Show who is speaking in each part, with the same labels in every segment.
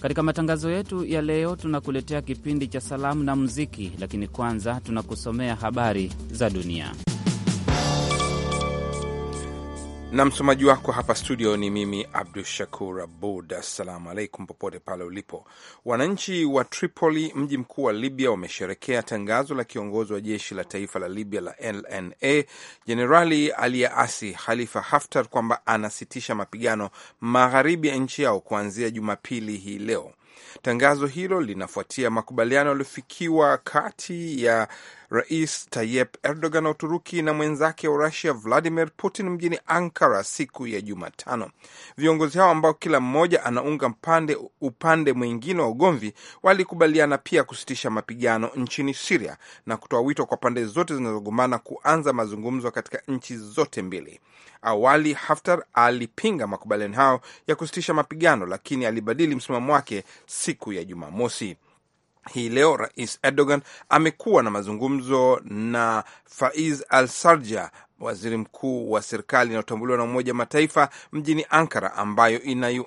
Speaker 1: Katika matangazo yetu ya leo tunakuletea kipindi cha salamu na muziki, lakini kwanza tunakusomea habari za dunia. na msomaji wako hapa
Speaker 2: studio ni mimi Abdu Shakur Abud. Assalamu alaikum popote pale ulipo. Wananchi wa Tripoli, mji mkuu wa Libya, wamesherekea tangazo la kiongozi wa jeshi la taifa la Libya la LNA, jenerali aliyeasi Khalifa Haftar kwamba anasitisha mapigano magharibi ya nchi yao kuanzia Jumapili hii leo. Tangazo hilo linafuatia makubaliano yaliyofikiwa kati ya Rais Tayyip Erdogan wa Uturuki na mwenzake wa Rusia Vladimir Putin mjini Ankara siku ya Jumatano. Viongozi hao ambao kila mmoja anaunga mpande upande mwingine wa ugomvi walikubaliana pia kusitisha mapigano nchini Siria na kutoa wito kwa pande zote zinazogombana kuanza mazungumzo katika nchi zote mbili. Awali Haftar alipinga makubaliano hayo ya kusitisha mapigano, lakini alibadili msimamo wake siku ya Jumamosi. Hii leo Rais Erdogan amekuwa na mazungumzo na Faiz al-Sarja, waziri mkuu wa serikali inayotambuliwa na Umoja wa Mataifa mjini Ankara, ambayo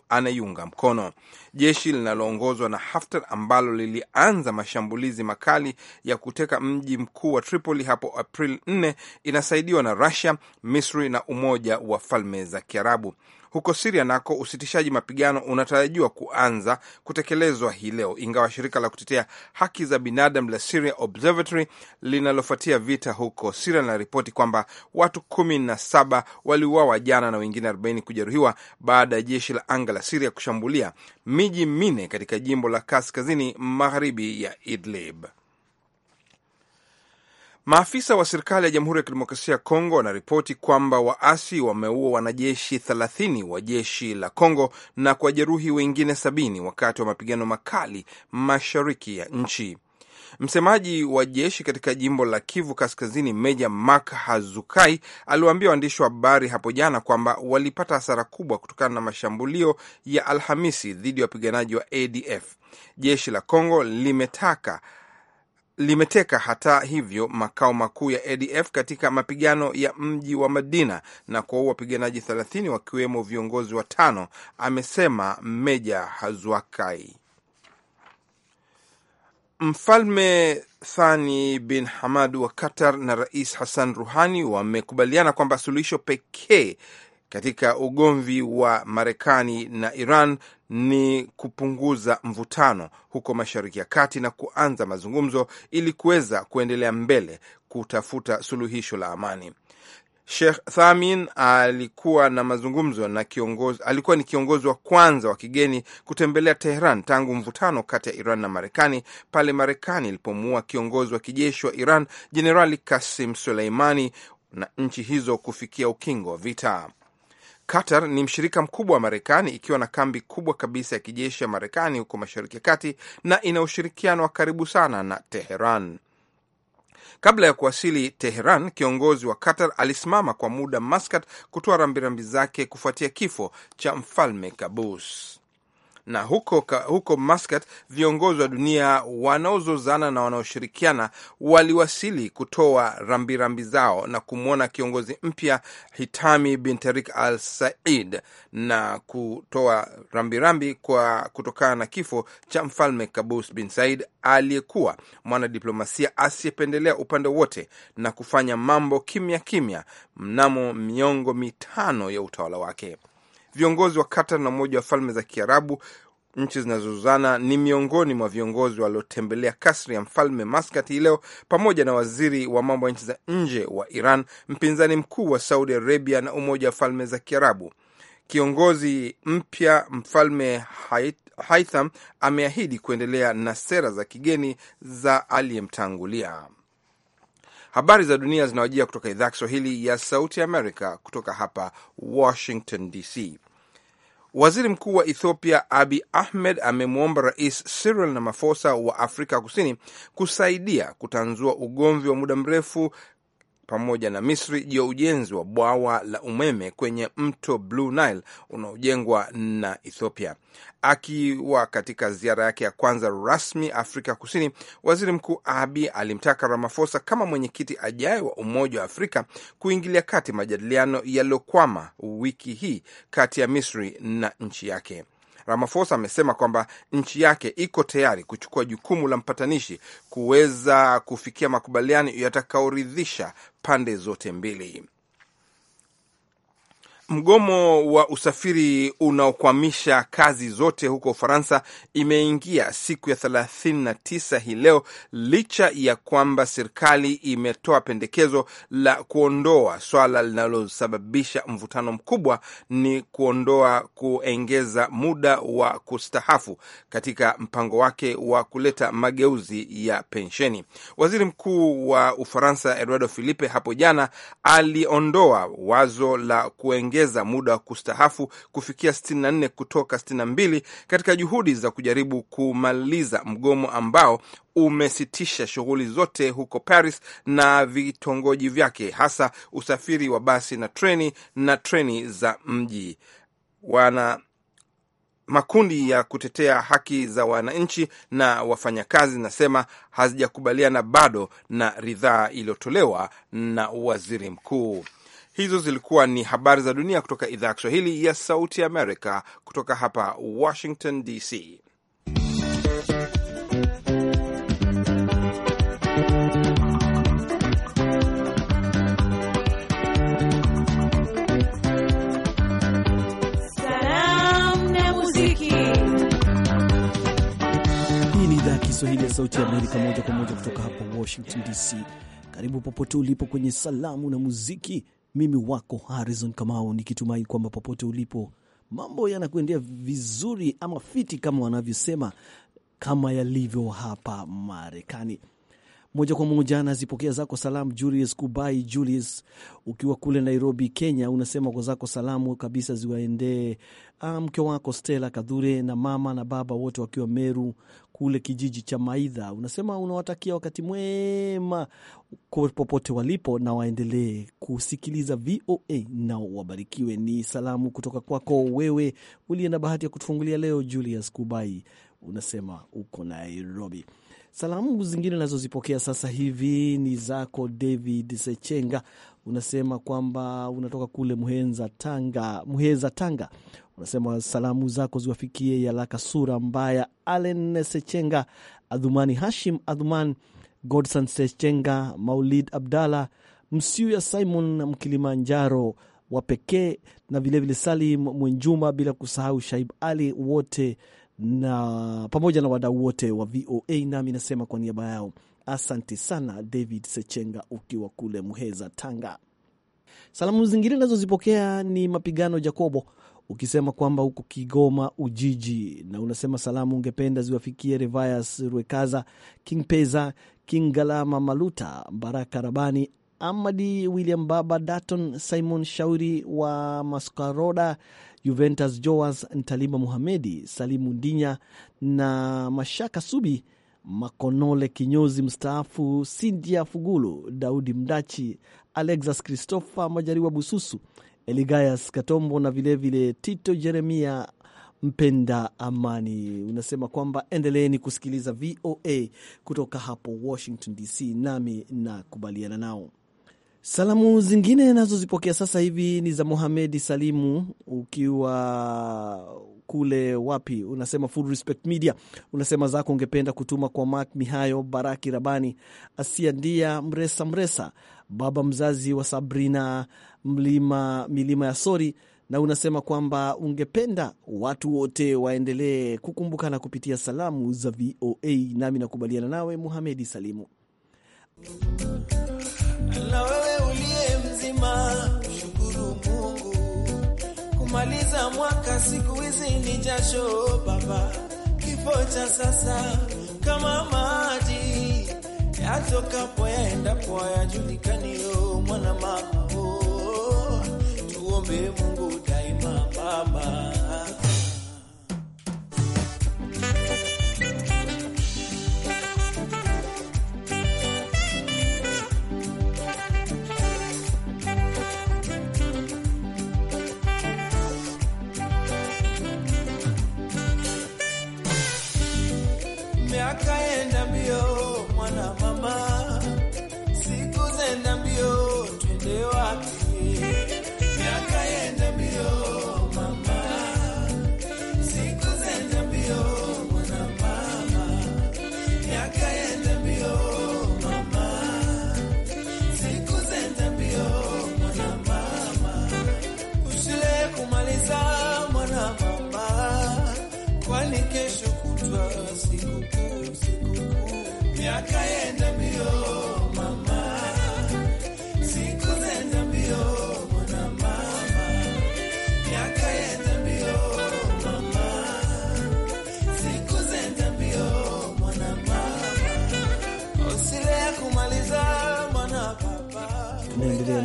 Speaker 2: anaiunga mkono. Jeshi linaloongozwa na Haftar ambalo lilianza mashambulizi makali ya kuteka mji mkuu wa Tripoli hapo April 4 inasaidiwa na Rusia, Misri na Umoja wa Falme za Kiarabu. Huko Siria nako usitishaji mapigano unatarajiwa kuanza kutekelezwa hii leo, ingawa shirika la kutetea haki za binadamu la Syria Observatory linalofuatia vita huko Siria linaripoti kwamba watu kumi na saba waliuawa jana na wengine 40 kujeruhiwa baada ya jeshi la anga la Siria kushambulia miji minne katika jimbo la kaskazini magharibi ya Idlib. Maafisa wa serikali ya Jamhuri ya Kidemokrasia ya Kongo wanaripoti kwamba waasi wameua wanajeshi 30 wa jeshi la Kongo na kuwajeruhi wengine sabini wakati wa mapigano makali mashariki ya nchi. Msemaji wa jeshi katika jimbo la Kivu Kaskazini, Meja Mak Hazukai aliwaambia waandishi wa habari hapo jana kwamba walipata hasara kubwa kutokana na mashambulio ya Alhamisi dhidi ya wapiganaji wa ADF. Jeshi la Kongo limetaka limeteka hata hivyo makao makuu ya ADF katika mapigano ya mji wa Madina na kuwaua wapiganaji 30 wakiwemo viongozi watano, amesema Meja Hazwakai. Mfalme Thani bin Hamad wa Qatar na Rais Hassan Ruhani wamekubaliana kwamba suluhisho pekee katika ugomvi wa Marekani na Iran ni kupunguza mvutano huko Mashariki ya Kati na kuanza mazungumzo ili kuweza kuendelea mbele kutafuta suluhisho la amani. Sheikh Thamin alikuwa na mazungumzo na kiongozi, alikuwa ni kiongozi wa kwanza wa kigeni kutembelea Tehran tangu mvutano kati ya Iran na Marekani pale Marekani ilipomuua kiongozi wa kijeshi wa Iran Jenerali Kasim Suleimani na nchi hizo kufikia ukingo wa vita. Qatar ni mshirika mkubwa wa Marekani, ikiwa na kambi kubwa kabisa ya kijeshi ya Marekani huko Mashariki ya Kati na ina ushirikiano wa karibu sana na Teheran. Kabla ya kuwasili Teheran, kiongozi wa Qatar alisimama kwa muda Maskat kutoa rambirambi zake kufuatia kifo cha mfalme Kabus na huko, huko Muscat viongozi wa dunia wanaozozana na wanaoshirikiana waliwasili kutoa rambirambi rambi zao na kumwona kiongozi mpya Hitami bin tarik Al Said na kutoa rambirambi rambi kwa kutokana na kifo cha mfalme Kabus Bin Said aliyekuwa mwanadiplomasia asiyependelea upande wote na kufanya mambo kimya kimya mnamo miongo mitano ya utawala wake. Viongozi wa Qatar na Umoja wa Falme za Kiarabu, nchi zinazozuzana, ni miongoni mwa viongozi waliotembelea kasri ya mfalme Maskat hii leo, pamoja na waziri wa mambo ya nchi za nje wa Iran, mpinzani mkuu wa Saudi Arabia na Umoja wa Falme za Kiarabu. Kiongozi mpya mfalme Haitham ameahidi kuendelea na sera za kigeni za aliyemtangulia. Habari za dunia zinawajia kutoka idhaa ya Kiswahili ya Sauti Amerika, kutoka hapa Washington DC. Waziri Mkuu wa Ethiopia Abi Ahmed amemwomba Rais Cyril Ramaphosa wa Afrika Kusini kusaidia kutanzua ugomvi wa muda mrefu pamoja na Misri juu ya ujenzi wa bwawa la umeme kwenye mto Blue Nile unaojengwa na Ethiopia. Akiwa katika ziara yake ya kwanza rasmi Afrika Kusini, waziri mkuu Abi alimtaka Ramaphosa kama mwenyekiti ajaye wa Umoja wa Afrika kuingilia kati majadiliano yaliyokwama wiki hii kati ya Misri na nchi yake. Ramaphosa amesema kwamba nchi yake iko tayari kuchukua jukumu la mpatanishi kuweza kufikia makubaliano yatakaoridhisha pande zote mbili. Mgomo wa usafiri unaokwamisha kazi zote huko Ufaransa imeingia siku ya 39 hii leo, licha ya kwamba serikali imetoa pendekezo la kuondoa swala linalosababisha mvutano mkubwa, ni kuondoa kuengeza muda wa kustahafu katika mpango wake wa kuleta mageuzi ya pensheni. Waziri Mkuu wa Ufaransa Eduardo Philippe hapo jana aliondoa wazo la kuengeza kuongeza muda wa kustahafu kufikia 64 kutoka 62 katika juhudi za kujaribu kumaliza mgomo ambao umesitisha shughuli zote huko Paris na vitongoji vyake, hasa usafiri wa basi na treni na treni za mji. Wana makundi ya kutetea haki za wananchi na wafanyakazi nasema hazijakubaliana bado na ridhaa iliyotolewa na waziri mkuu. Hizo zilikuwa ni habari za dunia kutoka idhaa ya Kiswahili ya Sauti Amerika, kutoka hapa Washington DC.
Speaker 3: Kiswahili ya Sauti ya Amerika moja kwa moja kutoka hapa Washington DC. Karibu popote ulipo kwenye salamu na muziki. Mimi wako Harrison Kamau, nikitumai kwamba popote ulipo mambo yanakuendea vizuri ama fiti kama wanavyosema, kama yalivyo hapa Marekani. Moja kwa moja nazipokea zako salamu, Julius Kubai. Julius, ukiwa kule Nairobi, Kenya, unasema kwa zako salamu kabisa ziwaendee um, mke wako Stella Kadhure na mama na baba wote wakiwa Meru kule kijiji cha Maidha. Unasema unawatakia wakati mwema popote walipo, na waendelee kusikiliza VOA na wabarikiwe. Ni salamu kutoka kwako wewe uliye na bahati ya kutufungulia leo, Julius Kubai, unasema uko Nairobi. Salamu zingine nazozipokea sasa hivi ni zako David Sechenga, unasema kwamba unatoka kule Muheza, Tanga. Muheza, Tanga, unasema salamu zako ziwafikie Yalaka Sura Mbaya, Alen Sechenga, Adhumani Hashim Adhuman, Godson Sechenga, Maulid msiu ya Simon Mkilimanjaro wa pekee na vilevile Salim Mwenjuma, bila kusahau Shaib Ali, wote na pamoja na wadau wote wa VOA, nami nasema kwa niaba yao asante sana, David Sechenga, ukiwa kule Muheza, Tanga. Salamu zingine nazozipokea ni Mapigano Jacobo, ukisema kwamba huko Kigoma Ujiji, na unasema salamu ungependa ziwafikie Revias Rwekaza, King Peza, King Galama Maluta, Baraka Rabani, Amadi William, Baba Daton, Simon Shauri wa Mascaroda, Juventus Joas Ntalima, Muhamedi Salimu Ndinya na Mashaka Subi, Makonole kinyozi mstaafu, Sindia Fugulu, Daudi Mdachi, Alexas Christopher Majariwa, Bususu Eligayas Katombo na vilevile vile Tito Jeremia Mpenda Amani. Unasema kwamba endeleeni kusikiliza VOA kutoka hapo Washington DC, nami nakubaliana nao. Salamu zingine nazozipokea sasa hivi ni za Mohamedi Salimu, ukiwa kule wapi, unasema full respect media, unasema zako ungependa kutuma kwa Mak Mihayo, Baraki Rabani, Asia Ndia, Mresa Mresa, baba mzazi wa Sabrina mlima milima ya Sori, na unasema kwamba ungependa watu wote waendelee kukumbukana kupitia salamu za VOA. Nami nakubaliana nawe Muhamedi Salimu.
Speaker 4: Hello lazima shukuru Mungu. Kumaliza mwaka siku hizi ni jasho baba, kifo cha sasa kama maji yatokapo yaendapo Yo mwana mama, tuombe Mungu daima baba.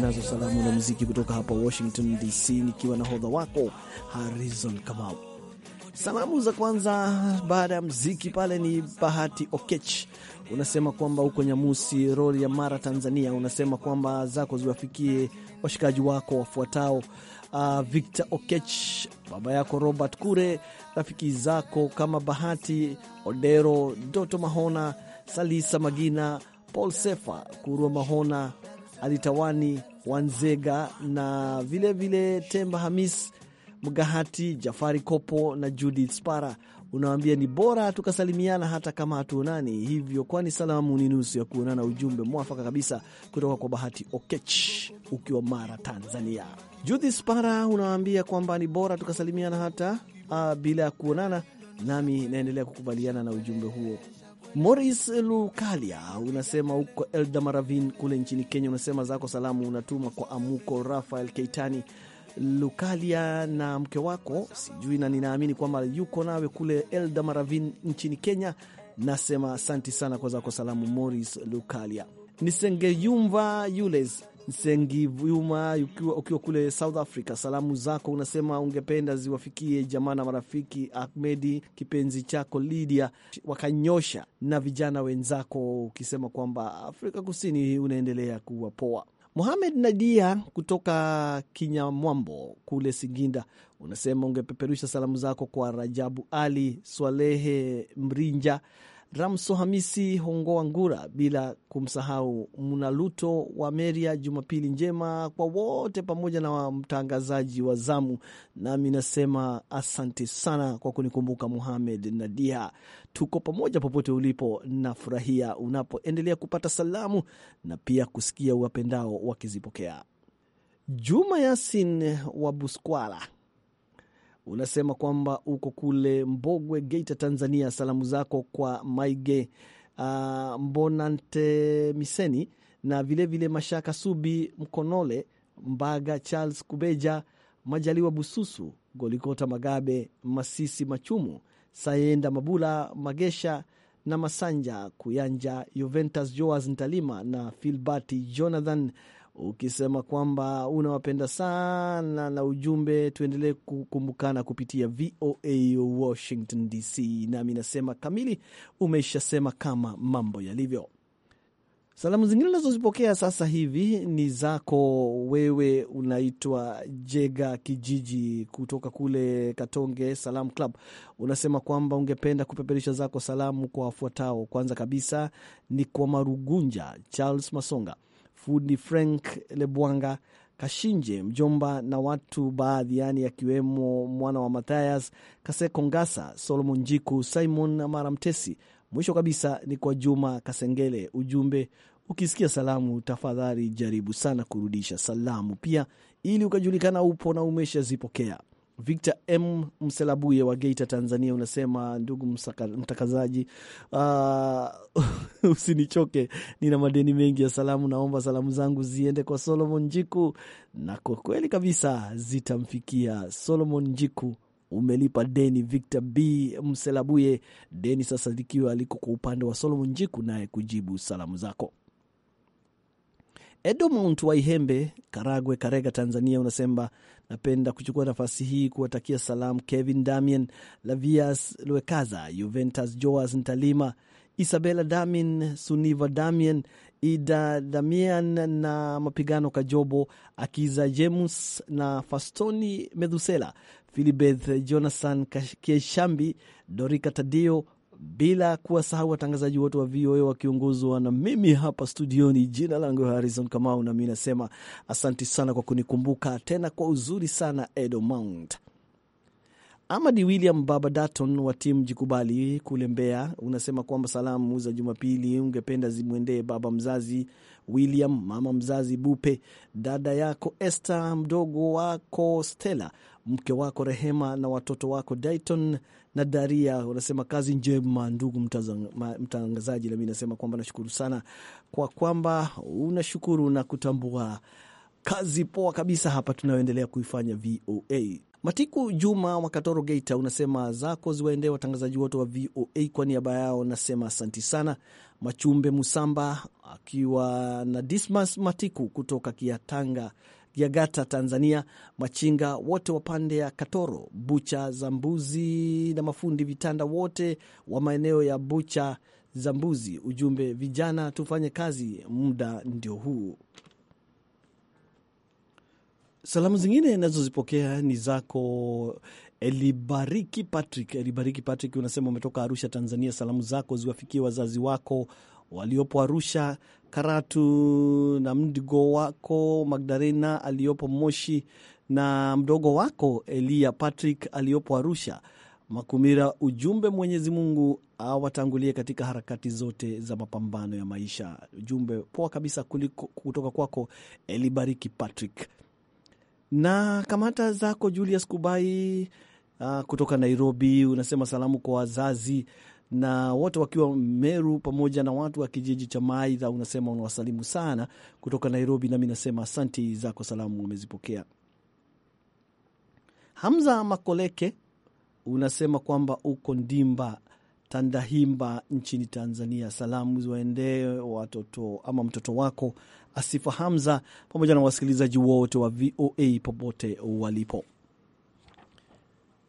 Speaker 3: nazo salamu na muziki kutoka hapa Washington DC, nikiwa na hodha wako Harrison Kamau. Salamu za kwanza baada ya mziki pale ni Bahati Okech, unasema kwamba huko Nyamusi rol ya Mara, Tanzania. Unasema kwamba zako ziwafikie washikaji wako wafuatao: uh, Victor Okech, baba yako Robert Kure, rafiki zako kama Bahati Odero, Doto Mahona, Salisa Magina, Paul Sefa, kurua Mahona, Alitawani Wanzega na vilevile vile Temba Hamis Mgahati, Jafari Kopo na Judith Spara. Unawambia ni bora tukasalimiana hata kama hatuonani hivyo, kwani salamu ni nusu ya kuonana. Ujumbe mwafaka kabisa kutoka kwa Bahati Okech ukiwa Mara, Tanzania. Judith Spara unawambia kwamba ni bora tukasalimiana hata uh, bila ya kuonana, nami naendelea kukubaliana na ujumbe huo. Moris Lukalia unasema uko Elda Maravin kule nchini Kenya, unasema zako salamu unatuma kwa Amuko Rafael Keitani Lukalia na mke wako sijui, na ninaamini kwamba yuko nawe kule elda maravin nchini Kenya. Nasema asanti sana kwa zako salamu, Moris Lukalia Nisengeyumva Yules Nsengiyuma ukiwa, ukiwa kule South Africa. Salamu zako unasema ungependa ziwafikie jamaa na marafiki, Ahmedi kipenzi chako Lydia Wakanyosha na vijana wenzako, ukisema kwamba Afrika Kusini unaendelea kuwa poa. Mohamed Nadia kutoka Kinyamwambo kule Singinda, unasema ungepeperusha salamu zako kwa Rajabu Ali Swalehe Mrinja Ramso Hamisi Hongoa Ngura, bila kumsahau Mnaluto wa Meria. Jumapili njema kwa wote, pamoja na wa mtangazaji wa zamu. Nami nasema asante sana kwa kunikumbuka, Muhamed Nadia. Tuko pamoja popote ulipo, nafurahia unapoendelea kupata salamu na pia kusikia uwapendao wakizipokea. Juma Yasin wa Buskwala unasema kwamba uko kule Mbogwe, Geita, Tanzania. Salamu zako kwa Maige uh, Mbonante Miseni na vilevile vile Mashaka Subi Mkonole Mbaga, Charles Kubeja, Majaliwa Bususu, Golikota Magabe, Masisi Machumu, Sayenda Mabula, Magesha na Masanja Kuyanja, Juventus Joas Ntalima na Filbati Jonathan ukisema kwamba unawapenda sana na ujumbe, tuendelee kukumbukana kupitia VOA Washington DC. Nami nasema kamili, umeishasema kama mambo yalivyo. Salamu zingine unazozipokea sasa hivi ni zako wewe, unaitwa Jega Kijiji kutoka kule Katonge Salam Club. Unasema kwamba ungependa kupeperisha zako salamu kwa wafuatao. Kwanza kabisa ni kwa Marugunja Charles Masonga fundi Frank Lebwanga Kashinje mjomba na watu baadhi yani, akiwemo mwana wa Matayas Kaseko Ngasa, Solomon Njiku, Simon Maramtesi. Mwisho kabisa ni kwa Juma Kasengele. Ujumbe, ukisikia salamu tafadhali jaribu sana kurudisha salamu pia, ili ukajulikana upo na umeshazipokea. Victor M Mselabuye wa Geita, Tanzania, unasema ndugu mtakazaji, uh, usinichoke, nina madeni mengi ya salamu. Naomba salamu zangu ziende kwa Solomon Njiku, na kwa kweli kabisa zitamfikia Solomon Njiku. Umelipa deni Victor B Mselabuye, deni sasa likiwa aliko kwa upande wa Solomon Njiku, naye kujibu salamu zako. Edmund wa Ihembe, Karagwe, Karega, Tanzania, unasema napenda kuchukua nafasi hii kuwatakia salamu Kevin Damien, Lavias Lwekaza, Juventus Joas Ntalima, Isabela Damin, Suniva Damien, Ida Damian na Mapigano Kajobo, Akiza James na Fastoni Medhusela, Filibeth Jonathan Kieshambi, Dorika Tadio bila kuwasahau watangazaji wote wa VOA wakiongozwa na mimi hapa studioni. Jina langu Harrison Kamau, nami nasema asanti sana kwa kunikumbuka tena kwa uzuri sana Edo Mount. Amadi William Baba Daton wa timu Jikubali kule Mbeya unasema kwamba salamu za Jumapili ungependa zimwendee baba mzazi William, mama mzazi Bupe, dada yako Esther, mdogo wako Stella, mke wako Rehema na watoto wako Dayton na Daria wanasema kazi njema, ndugu mtangazaji. Nami nasema kwamba nashukuru sana kwa kwamba unashukuru na kutambua kazi poa kabisa hapa tunayoendelea kuifanya VOA. Matiku Juma wa Katoro, Geita, unasema zako ziwaendee watangazaji wote wa VOA. Kwa niaba yao nasema asanti sana. Machumbe Musamba akiwa na Dismas Matiku kutoka Kiatanga Gagata, Tanzania, machinga wote wa pande ya Katoro, bucha za mbuzi na mafundi vitanda wote wa maeneo ya bucha za mbuzi. Ujumbe, vijana tufanye kazi, muda ndio huu. Salamu zingine nazozipokea ni zako Elibariki Patrick. Elibariki Patrick, unasema umetoka Arusha, Tanzania. Salamu zako ziwafikie wazazi wako waliopo Arusha, Karatu na mdigo wako Magdalena aliyopo Moshi na mdogo wako Elia Patrick aliyopo Arusha Makumira. Ujumbe, Mwenyezi Mungu awatangulie katika harakati zote za mapambano ya maisha. Ujumbe poa kabisa kuliko, kutoka kwako Elibariki Patrick na kamata zako Julius Kubai uh, kutoka Nairobi. Unasema salamu kwa wazazi na wote wakiwa Meru pamoja na watu wa kijiji cha Maidha. Unasema unawasalimu sana kutoka Nairobi, nami nasema asanti, zako salamu umezipokea. Hamza Makoleke unasema kwamba uko Ndimba Tandahimba nchini Tanzania. Salamu ziwaendee watoto ama mtoto wako Asifa Hamza pamoja na wasikilizaji wote wa VOA popote walipo.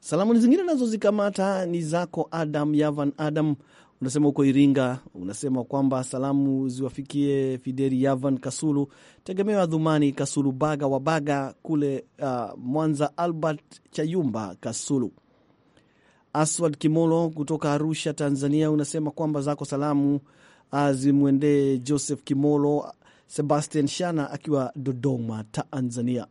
Speaker 3: Salamu zingine nazo zikamata ni zako Adam Yavan Adam, unasema huko Iringa, unasema kwamba salamu ziwafikie Fideri Yavan Kasulu, Tegemeo ya Dhumani Kasulu, Baga wa Baga kule uh, Mwanza, Albert Chayumba Kasulu, Aswad Kimolo kutoka Arusha, Tanzania, unasema kwamba zako salamu uh, zimwendee Joseph Kimolo, Sebastian Shana akiwa Dodoma, Tanzania.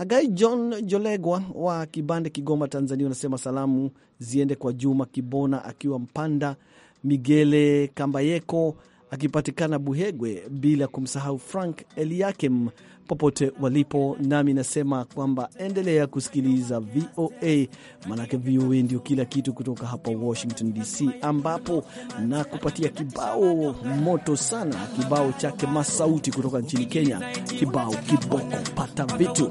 Speaker 3: Hagai John Jolegwa wa Kibande, Kigoma, Tanzania, unasema salamu ziende kwa Juma Kibona akiwa Mpanda, Migele Kambayeko akipatikana Buhegwe, bila kumsahau Frank Eliakim popote walipo. Nami nasema kwamba endelea kusikiliza VOA, manake VOA ndio kila kitu kutoka hapa Washington DC, ambapo na kupatia kibao moto sana, kibao chake Masauti kutoka nchini Kenya, kibao kiboko pata vitu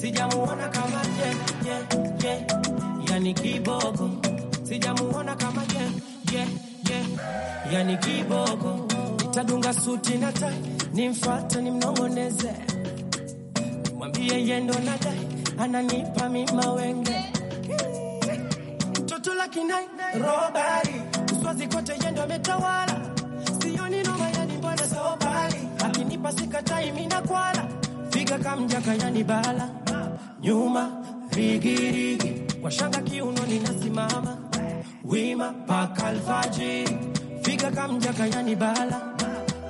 Speaker 5: sijamuona kama je, je, yani kiboko, sijamuona kama yani kiboko, nitadunga suti na tai, nimfuate nimnongoneze, mwambie yendo na ananipa mima mtoto robari, uswazi kote ametawala, sioni noma yani mbona sobali, akinipa sikatai mina kwala, figa kamjaka yani bala nyuma rigirigi kwa shanga kiunoni nasimama wima paka alfajiri figa kamjakayani bala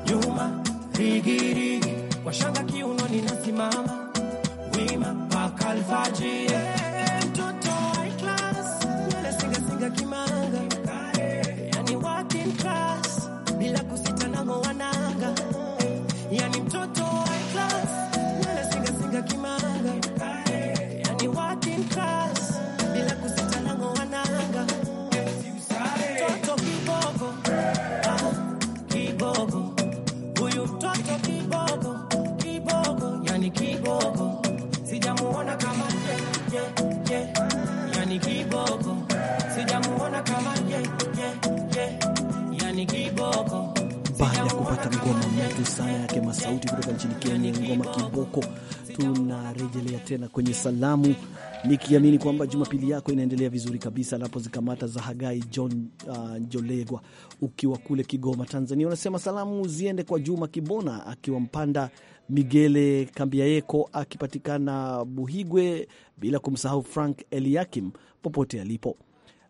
Speaker 5: nyuma rigirigi kwa shanga kiunoni nasimama wima paka alfajiri mtoto yeah, singasinga kimanga
Speaker 3: kwenye salamu, nikiamini kwamba Jumapili yako inaendelea vizuri kabisa. Napozikamata za Hagai John uh, Jolegwa ukiwa kule Kigoma, Tanzania, unasema salamu ziende kwa Juma Kibona akiwa Mpanda, Migele Yeko akipatikana Buhigwe, bila kumsahau Frank Eliakim popote alipo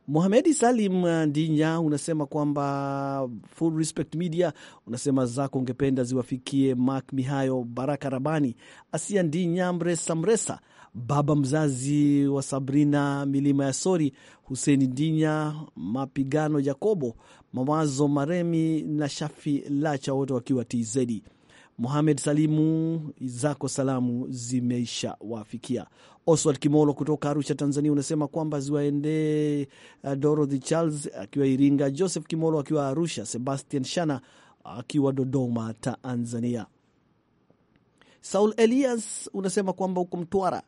Speaker 3: muhamedi Salim uh, Ndinya, unasema kwamba Full Respect Media, unasema zako ungependa ziwafikie Mak Mihayo, Baraka Rabani, Asia Ndinya, Mresa Mresa, baba mzazi wa Sabrina Milima ya Sori, Huseni Ndinya, Mapigano Yakobo, Mawazo Maremi na Shafi Lacha, wote wakiwa TZ. muhamed Salimu, zako salamu zimeisha wafikia. Oswald Kimolo kutoka Arusha, Tanzania, unasema kwamba ziwaendee uh, Dorothy Charles akiwa Iringa, Joseph Kimolo akiwa Arusha, Sebastian Shana akiwa Dodoma, Tanzania. Saul Elias unasema kwamba huko Mtwara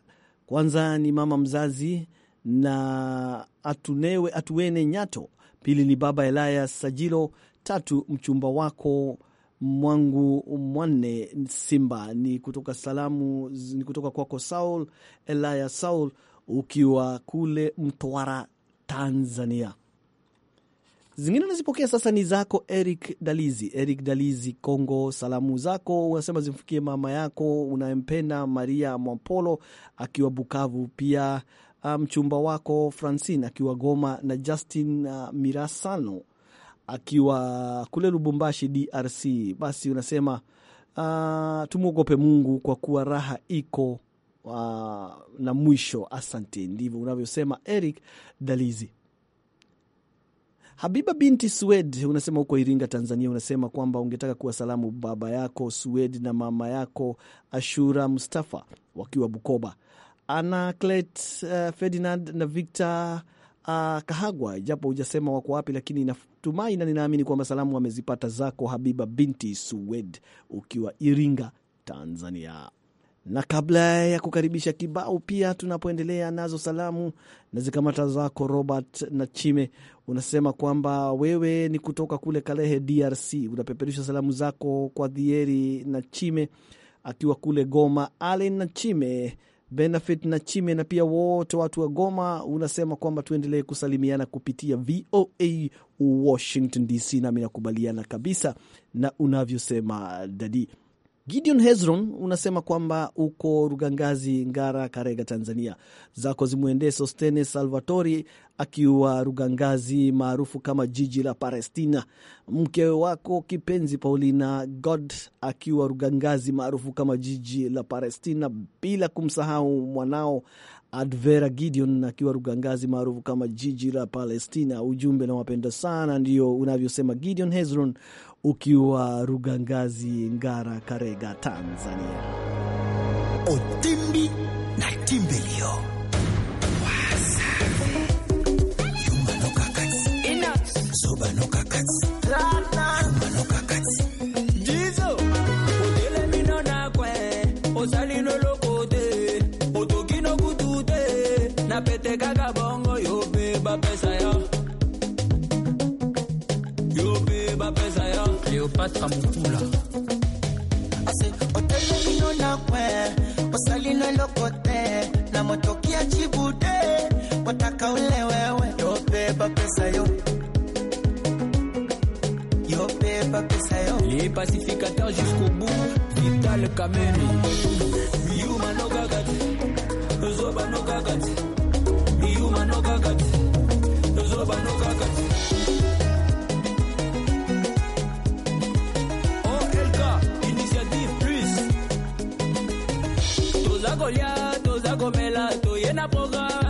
Speaker 3: kwanza ni mama mzazi na Atunewe Atuwene Nyato, pili ni baba Elias Sajilo, tatu mchumba wako Mwangu Mwanne Simba, ni kutoka salamu ni kutoka kwako Saul Elaya Saul, ukiwa kule Mtwara, Tanzania. Zingine nazipokea sasa, ni zako Eric Dalizi, Eric Dalizi, Kongo. Salamu zako unasema zimfikie mama yako unayempenda Maria Mwampolo akiwa Bukavu, pia ah, mchumba um, wako Francine akiwa Goma na Justin uh, Mirasano akiwa kule Lubumbashi, DRC. Basi unasema uh, tumwogope Mungu kwa kuwa raha iko uh, na mwisho. Asante, ndivyo unavyosema Eric Dalizi. Habiba binti Swed unasema huko Iringa, Tanzania, unasema kwamba ungetaka kuwasalamu baba yako Sued na mama yako Ashura Mustafa wakiwa Bukoba, Anaclet uh, Ferdinand na Victor uh, Kahagwa, japo hujasema wako wapi, lakini natumai na ninaamini kwamba salamu amezipata zako Habiba binti Suwed ukiwa Iringa, Tanzania. Na kabla ya kukaribisha kibao, pia tunapoendelea nazo salamu na zikamata zako Robert na Chime, unasema kwamba wewe ni kutoka kule Kalehe, DRC. Unapeperusha salamu zako kwa Dhieri na Chime akiwa kule Goma, Alen na Chime Benefit na Chime na pia wote watu wa Goma, unasema kwamba tuendelee kusalimiana kupitia VOA Washington DC, nami nakubaliana kabisa na unavyosema Dadi. Gideon Hezron unasema kwamba uko Rugangazi, Ngara, Karega, Tanzania. Zako zimwendee Sostene Salvatori akiwa Rugangazi maarufu kama jiji la Palestina, mke wako kipenzi Paulina God akiwa Rugangazi maarufu kama jiji la Palestina, bila kumsahau mwanao Advera Gideon akiwa Rugangazi maarufu kama jiji la Palestina. Ujumbe na wapenda sana, ndio unavyosema Gideon Hezron ukiwa Rugangazi, Ngara, Karega, Tanzania.
Speaker 5: Otimbi na Timbilio.
Speaker 6: Cléopâtre Mukula.
Speaker 5: otelelino nakwe osalino lokote namotokia chibude wataka ule wewe yobeba pesa yo yo
Speaker 6: yobeba pesa yo les pacificateurs jusqu'au bout vital kameni yuma nokakati zoba nokakati Usago liatu, comela estoy en apogado.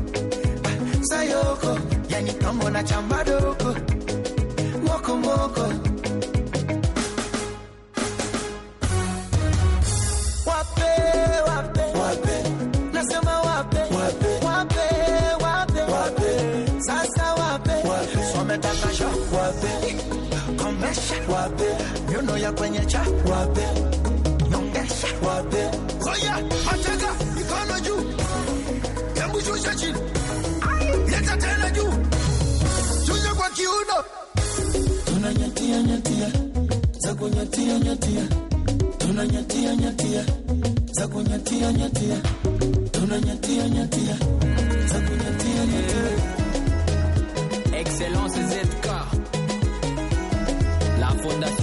Speaker 4: like kama unachamba doko moko moko
Speaker 6: Miono ya kwenye cha wape, nyongesha wape, koya matega nyatia nyatia za kunyatia nyatia tuna nyatia nyatia za kunyatia nyatia tuna nyatia nyatia za kunyatia nyatia Excellence ZK la fondation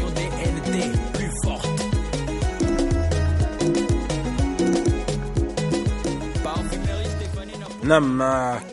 Speaker 2: Nam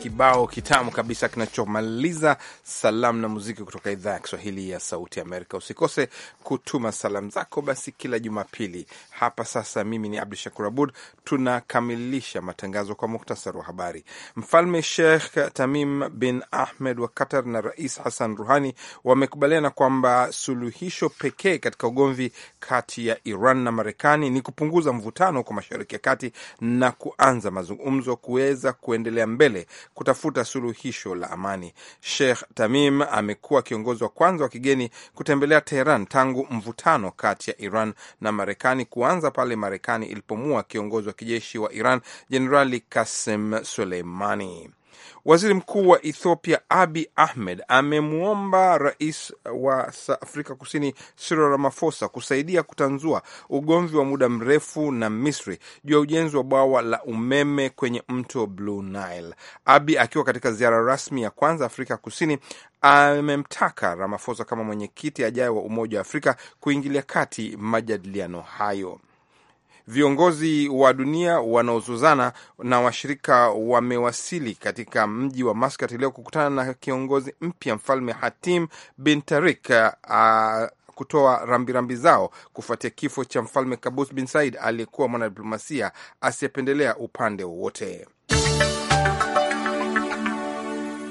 Speaker 2: kibao kitamu kabisa kinachomaliza salamu na muziki kutoka idhaa ya Kiswahili ya Sauti Amerika. Usikose kutuma salamu zako basi kila Jumapili hapa. Sasa mimi ni Abdu Shakur Abud, tunakamilisha matangazo kwa muktasari wa habari. Mfalme Sheikh Tamim bin Ahmed wa Qatar na Rais Hassan Ruhani wamekubaliana kwamba suluhisho pekee katika ugomvi kati ya Iran na Marekani ni kupunguza mvutano kwa Mashariki ya Kati na kuanza mazungumzo kuweza kuenda kuendelea mbele kutafuta suluhisho la amani. Sheikh Tamim amekuwa kiongozi wa kwanza wa kigeni kutembelea Teheran tangu mvutano kati ya Iran na Marekani kuanza pale Marekani ilipomua kiongozi wa kijeshi wa Iran Jenerali Kasem Suleimani. Waziri Mkuu wa Ethiopia Abi Ahmed amemwomba rais wa Afrika Kusini Cyril Ramaphosa kusaidia kutanzua ugomvi wa muda mrefu na Misri juu ya ujenzi wa bwawa la umeme kwenye mto Blue Nile. Abi akiwa katika ziara rasmi ya kwanza Afrika Kusini amemtaka Ramaphosa kama mwenyekiti ajaye wa Umoja wa Afrika kuingilia kati majadiliano hayo. Viongozi wa dunia wanaozozana na washirika wamewasili katika mji wa Maskat leo kukutana na kiongozi mpya Mfalme Hatim bin Tarik uh, kutoa rambirambi rambi zao kufuatia kifo cha Mfalme Kabus bin Said aliyekuwa mwanadiplomasia asiyependelea upande wowote.